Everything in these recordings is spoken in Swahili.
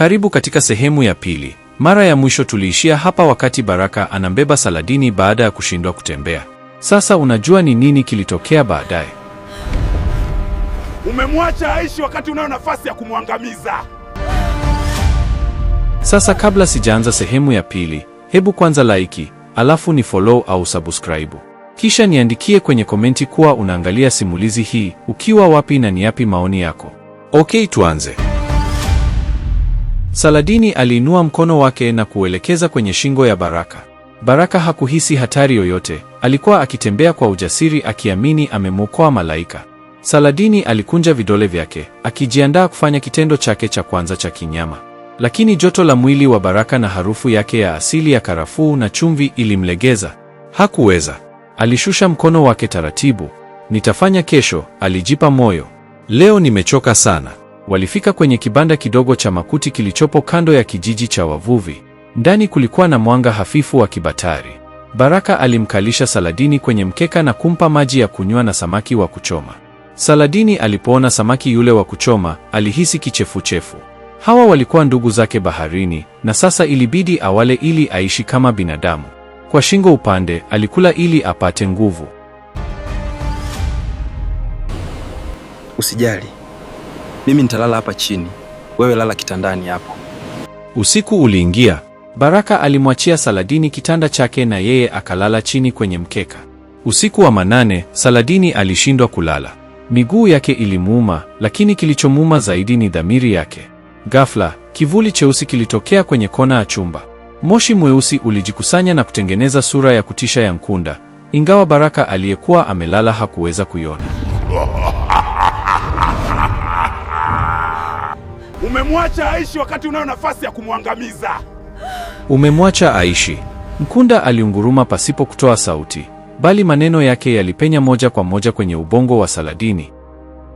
Karibu katika sehemu ya pili. Mara ya mwisho tuliishia hapa wakati Baraka anambeba Saladini baada ya kushindwa kutembea. Sasa unajua ni nini kilitokea baadaye? Umemwacha aishi wakati unayo nafasi ya kumwangamiza. Sasa kabla sijaanza sehemu ya pili, hebu kwanza laiki, alafu ni follow au subscribe. Kisha niandikie kwenye komenti kuwa unaangalia simulizi hii ukiwa wapi na ni yapi maoni yako. Okay, tuanze. Saladini aliinua mkono wake na kuelekeza kwenye shingo ya Baraka. Baraka hakuhisi hatari yoyote, alikuwa akitembea kwa ujasiri akiamini amemwokoa malaika. Saladini alikunja vidole vyake, akijiandaa kufanya kitendo chake cha kwanza cha kinyama. Lakini joto la mwili wa Baraka na harufu yake ya asili ya karafuu na chumvi ilimlegeza. Hakuweza. Alishusha mkono wake taratibu. Nitafanya kesho, alijipa moyo. Leo nimechoka sana. Walifika kwenye kibanda kidogo cha makuti kilichopo kando ya kijiji cha wavuvi. Ndani kulikuwa na mwanga hafifu wa kibatari. Baraka alimkalisha Saladini kwenye mkeka na kumpa maji ya kunywa na samaki wa kuchoma. Saladini alipoona samaki yule wa kuchoma, alihisi kichefuchefu. Hawa walikuwa ndugu zake baharini na sasa ilibidi awale ili aishi kama binadamu. Kwa shingo upande, alikula ili apate nguvu. Usijali. Mimi nitalala hapa chini, wewe lala kitandani hapo. Usiku uliingia. Baraka alimwachia Saladini kitanda chake na yeye akalala chini kwenye mkeka. Usiku wa manane, Saladini alishindwa kulala. Miguu yake ilimuuma, lakini kilichomuuma zaidi ni dhamiri yake. Ghafla, kivuli cheusi kilitokea kwenye kona ya chumba. Moshi mweusi ulijikusanya na kutengeneza sura ya kutisha ya Nkunda, ingawa Baraka aliyekuwa amelala hakuweza kuiona. Umemwacha aishi wakati unayo nafasi ya kumwangamiza. Umemwacha aishi. Mkunda aliunguruma pasipo kutoa sauti, bali maneno yake yalipenya moja kwa moja kwenye ubongo wa Saladini.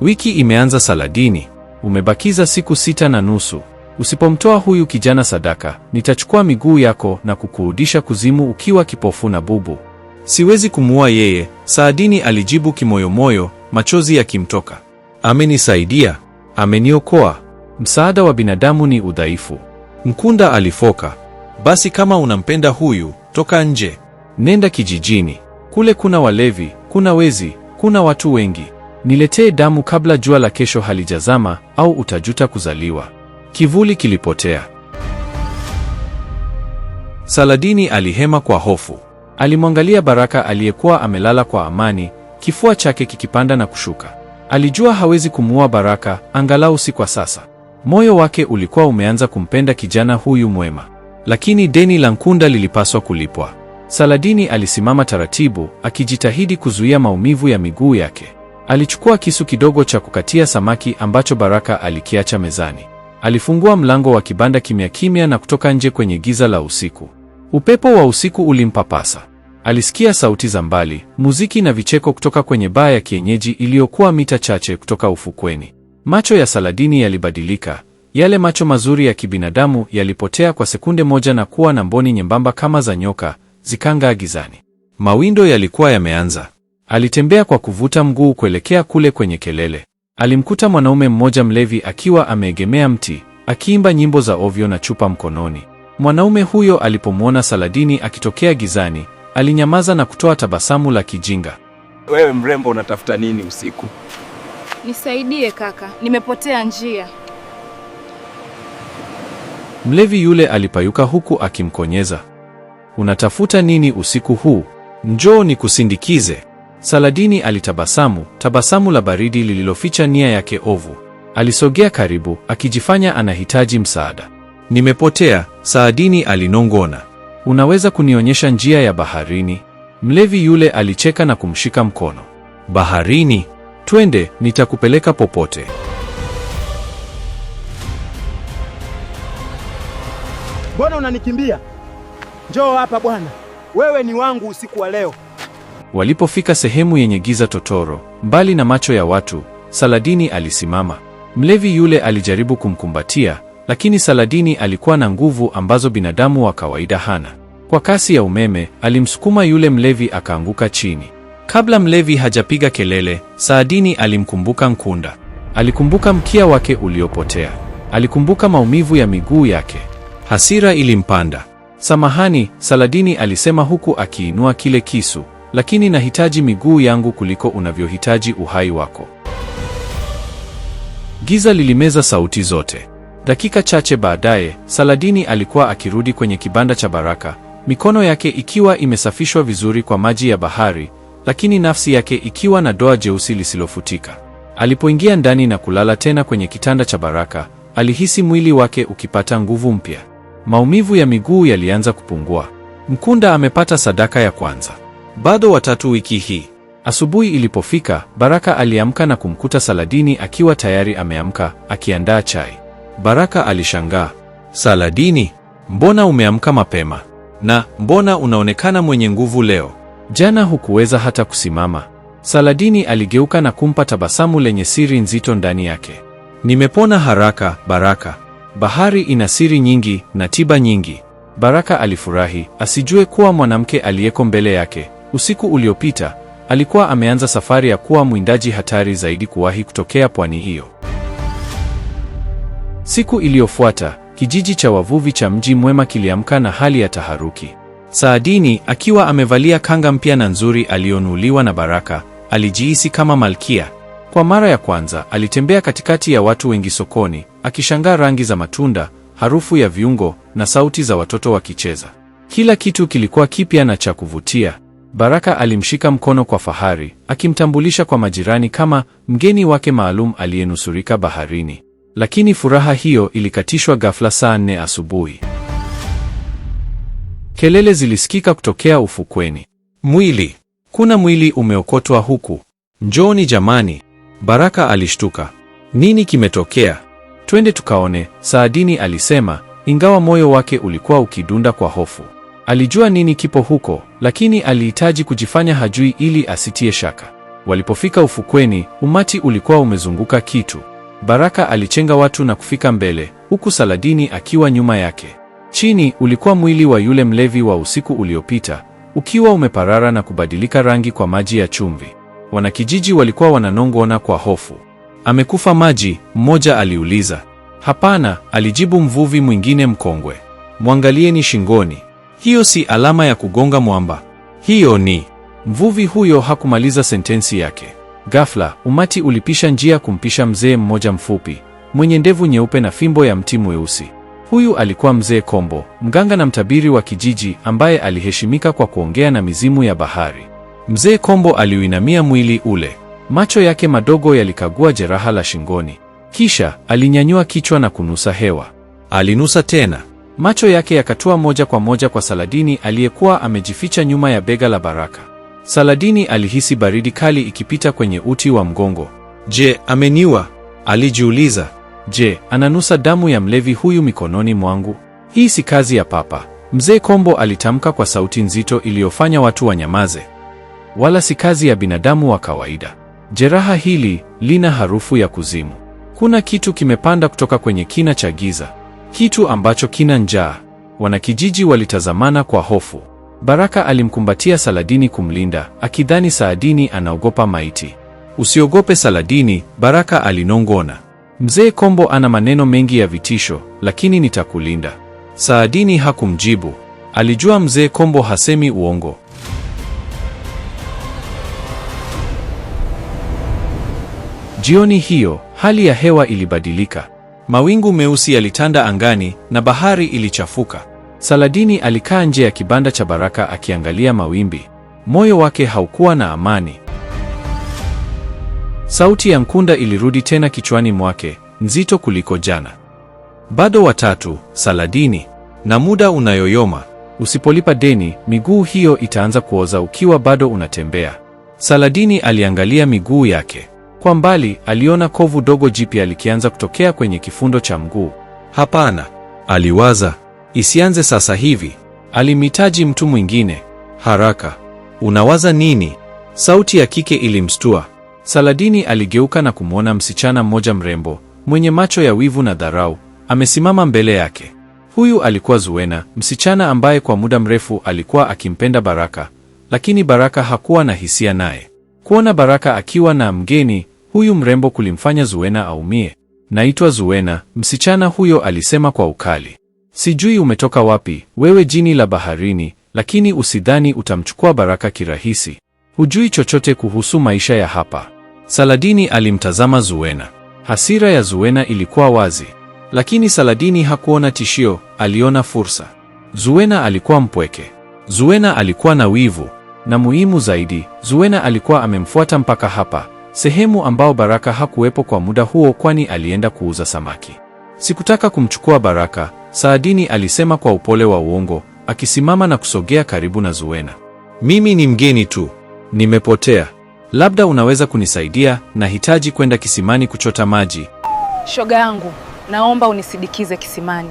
Wiki imeanza Saladini, umebakiza siku sita na nusu. Usipomtoa huyu kijana sadaka, nitachukua miguu yako na kukurudisha kuzimu ukiwa kipofu na bubu. Siwezi kumuua yeye, Saadini alijibu kimoyomoyo, machozi yakimtoka. Amenisaidia, ameniokoa. Msaada wa binadamu ni udhaifu. Mkunda alifoka. Basi kama unampenda huyu, toka nje, nenda kijijini. Kule kuna walevi, kuna wezi, kuna watu wengi. Niletee damu kabla jua la kesho halijazama, au utajuta kuzaliwa. Kivuli kilipotea. Saladini alihema kwa hofu. Alimwangalia Baraka aliyekuwa amelala kwa amani, kifua chake kikipanda na kushuka. Alijua hawezi kumuua Baraka, angalau si kwa sasa. Moyo wake ulikuwa umeanza kumpenda kijana huyu mwema, lakini deni la Nkunda lilipaswa kulipwa. Saladini alisimama taratibu, akijitahidi kuzuia maumivu ya miguu yake. Alichukua kisu kidogo cha kukatia samaki ambacho Baraka alikiacha mezani. Alifungua mlango wa kibanda kimya kimya na kutoka nje kwenye giza la usiku. Upepo wa usiku ulimpapasa. Alisikia sauti za mbali, muziki na vicheko kutoka kwenye baa ya kienyeji iliyokuwa mita chache kutoka ufukweni. Macho ya Saladini yalibadilika. Yale macho mazuri ya kibinadamu yalipotea kwa sekunde moja na kuwa na mboni nyembamba kama za nyoka, zikangaa gizani. Mawindo yalikuwa yameanza. Alitembea kwa kuvuta mguu kuelekea kule kwenye kelele. Alimkuta mwanaume mmoja mlevi akiwa ameegemea mti, akiimba nyimbo za ovyo na chupa mkononi. Mwanaume huyo alipomwona Saladini akitokea gizani, alinyamaza na kutoa tabasamu la kijinga. Wewe mrembo, unatafuta nini usiku? Nisaidie kaka, nimepotea njia. Mlevi yule alipayuka huku akimkonyeza. Unatafuta nini usiku huu? Njoo nikusindikize. Saladini alitabasamu, tabasamu la baridi lililoficha nia yake ovu. Alisogea karibu, akijifanya anahitaji msaada. Nimepotea, Saadini alinong'ona. Unaweza kunionyesha njia ya baharini? Mlevi yule alicheka na kumshika mkono. Baharini? Twende, nitakupeleka popote. Mbona unanikimbia? Njoo hapa bwana, wewe ni wangu usiku wa leo. Walipofika sehemu yenye giza totoro, mbali na macho ya watu, Saladini alisimama. Mlevi yule alijaribu kumkumbatia, lakini Saladini alikuwa na nguvu ambazo binadamu wa kawaida hana. Kwa kasi ya umeme, alimsukuma yule mlevi akaanguka chini. Kabla mlevi hajapiga kelele, Saadini alimkumbuka Nkunda. Alikumbuka mkia wake uliopotea, alikumbuka maumivu ya miguu yake. Hasira ilimpanda. Samahani, Saladini alisema huku akiinua kile kisu, lakini nahitaji miguu yangu kuliko unavyohitaji uhai wako. Giza lilimeza sauti zote. Dakika chache baadaye, Saladini alikuwa akirudi kwenye kibanda cha Baraka, mikono yake ikiwa imesafishwa vizuri kwa maji ya bahari, lakini nafsi yake ikiwa na doa jeusi lisilofutika. Alipoingia ndani na kulala tena kwenye kitanda cha Baraka, alihisi mwili wake ukipata nguvu mpya. Maumivu ya miguu yalianza kupungua. Mkunda amepata sadaka ya kwanza, bado watatu wiki hii. Asubuhi ilipofika, Baraka aliamka na kumkuta Saladini akiwa tayari ameamka akiandaa chai. Baraka alishangaa, Saladini, mbona umeamka mapema na mbona unaonekana mwenye nguvu leo? Jana hukuweza hata kusimama. Saladini aligeuka na kumpa tabasamu lenye siri nzito ndani yake. Nimepona haraka, Baraka. Bahari ina siri nyingi na tiba nyingi. Baraka alifurahi asijue kuwa mwanamke aliyeko mbele yake usiku uliopita alikuwa ameanza safari ya kuwa mwindaji hatari zaidi kuwahi kutokea pwani hiyo. Siku iliyofuata kijiji cha wavuvi cha Mji Mwema kiliamka na hali ya taharuki. Saadini akiwa amevalia kanga mpya na nzuri aliyonuliwa na Baraka, alijihisi kama malkia. Kwa mara ya kwanza alitembea katikati ya watu wengi sokoni, akishangaa rangi za matunda, harufu ya viungo na sauti za watoto wakicheza. Kila kitu kilikuwa kipya na cha kuvutia. Baraka alimshika mkono kwa fahari, akimtambulisha kwa majirani kama mgeni wake maalum aliyenusurika baharini. Lakini furaha hiyo ilikatishwa ghafla saa nne asubuhi. Kelele zilisikika kutokea ufukweni. Mwili, kuna mwili umeokotwa huku, njooni jamani! Baraka alishtuka. Nini kimetokea? Twende tukaone, Saadini alisema, ingawa moyo wake ulikuwa ukidunda kwa hofu. Alijua nini kipo huko, lakini alihitaji kujifanya hajui ili asitie shaka. Walipofika ufukweni, umati ulikuwa umezunguka kitu. Baraka alichenga watu na kufika mbele, huku Saladini akiwa nyuma yake. Chini ulikuwa mwili wa yule mlevi wa usiku uliopita, ukiwa umeparara na kubadilika rangi kwa maji ya chumvi. Wanakijiji walikuwa wananong'ona kwa hofu. Amekufa maji? Mmoja aliuliza. Hapana, alijibu mvuvi mwingine mkongwe. Mwangalieni shingoni. Hiyo si alama ya kugonga mwamba. Hiyo ni... Mvuvi huyo hakumaliza sentensi yake. Ghafla, umati ulipisha njia kumpisha mzee mmoja mfupi, mwenye ndevu nyeupe na fimbo ya mti mweusi. Huyu alikuwa Mzee Kombo, mganga na mtabiri wa kijiji ambaye aliheshimika kwa kuongea na mizimu ya bahari. Mzee Kombo aliuinamia mwili ule, macho yake madogo yalikagua jeraha la shingoni, kisha alinyanyua kichwa na kunusa hewa. Alinusa tena, macho yake yakatua moja kwa moja kwa Saladini aliyekuwa amejificha nyuma ya bega la Baraka. Saladini alihisi baridi kali ikipita kwenye uti wa mgongo. Je, ameniua? Alijiuliza. Je, ananusa damu ya mlevi huyu mikononi mwangu? Hii si kazi ya papa, mzee Kombo alitamka kwa sauti nzito iliyofanya watu wanyamaze. Wala si kazi ya binadamu wa kawaida. Jeraha hili lina harufu ya kuzimu. Kuna kitu kimepanda kutoka kwenye kina cha giza, kitu ambacho kina njaa. Wanakijiji walitazamana kwa hofu. Baraka alimkumbatia Saladini kumlinda, akidhani Saadini anaogopa maiti. Usiogope Saladini, Baraka alinong'ona. Mzee Kombo ana maneno mengi ya vitisho, lakini nitakulinda. Saadini hakumjibu. Alijua Mzee Kombo hasemi uongo. Jioni hiyo, hali ya hewa ilibadilika. Mawingu meusi yalitanda angani na bahari ilichafuka. Saladini alikaa nje ya kibanda cha Baraka akiangalia mawimbi. Moyo wake haukuwa na amani. Sauti ya Mkunda ilirudi tena kichwani mwake, nzito kuliko jana. Bado watatu, Saladini, na muda unayoyoma. Usipolipa deni, miguu hiyo itaanza kuoza ukiwa bado unatembea. Saladini aliangalia miguu yake. Kwa mbali, aliona kovu dogo jipya likianza kutokea kwenye kifundo cha mguu. Hapana, aliwaza, isianze sasa hivi. Alimhitaji mtu mwingine. Haraka. Unawaza nini? Sauti ya kike ilimstua. Saladini aligeuka na kumwona msichana mmoja mrembo mwenye macho ya wivu na dharau amesimama mbele yake. Huyu alikuwa Zuena, msichana ambaye kwa muda mrefu alikuwa akimpenda Baraka, lakini Baraka hakuwa na hisia naye. Kuona Baraka akiwa na mgeni huyu mrembo kulimfanya Zuena aumie. Naitwa Zuena, msichana huyo alisema kwa ukali. Sijui umetoka wapi, wewe jini la baharini, lakini usidhani utamchukua Baraka kirahisi. Hujui chochote kuhusu maisha ya hapa. Saladini alimtazama Zuena. Hasira ya Zuena ilikuwa wazi, lakini Saladini hakuona tishio, aliona fursa. Zuena alikuwa mpweke, Zuena alikuwa na wivu, na muhimu zaidi, Zuena alikuwa amemfuata mpaka hapa, sehemu ambao Baraka hakuwepo kwa muda huo, kwani alienda kuuza samaki. Sikutaka kumchukua Baraka, Saladini alisema kwa upole wa uongo, akisimama na kusogea karibu na Zuena. Mimi ni mgeni tu, nimepotea Labda unaweza kunisaidia, nahitaji kwenda kisimani kuchota maji. Shoga yangu, naomba unisindikize kisimani.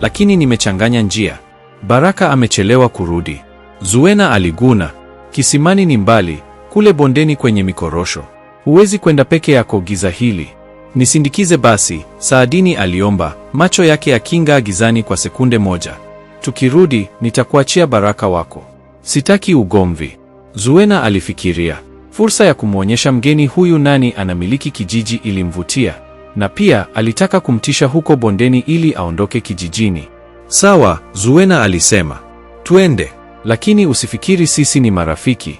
Lakini nimechanganya njia. Baraka amechelewa kurudi. Zuena aliguna. Kisimani ni mbali, kule bondeni kwenye mikorosho. Huwezi kwenda peke yako giza hili. Nisindikize basi, Saadini aliomba, macho yake yakinga gizani kwa sekunde moja. Tukirudi nitakuachia Baraka wako, sitaki ugomvi. Zuena alifikiria fursa ya kumwonyesha mgeni huyu nani anamiliki kijiji ilimvutia, na pia alitaka kumtisha huko bondeni ili aondoke kijijini. Sawa, Zuena alisema, twende, lakini usifikiri sisi ni marafiki.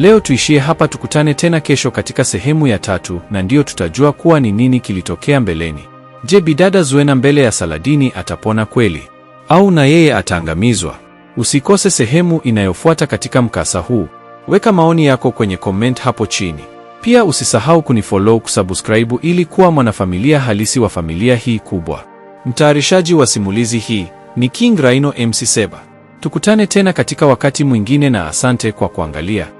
Leo tuishie hapa, tukutane tena kesho katika sehemu ya tatu, na ndiyo tutajua kuwa ni nini kilitokea mbeleni. Je, bidada Zuena mbele ya Saladini atapona kweli au na yeye ataangamizwa? Usikose sehemu inayofuata katika mkasa huu. Weka maoni yako kwenye comment hapo chini. Pia usisahau kunifollow, kusubscribe ili kuwa mwanafamilia halisi wa familia hii kubwa. Mtayarishaji wa simulizi hii ni King Rhino MC Seba. Tukutane tena katika wakati mwingine na asante kwa kuangalia.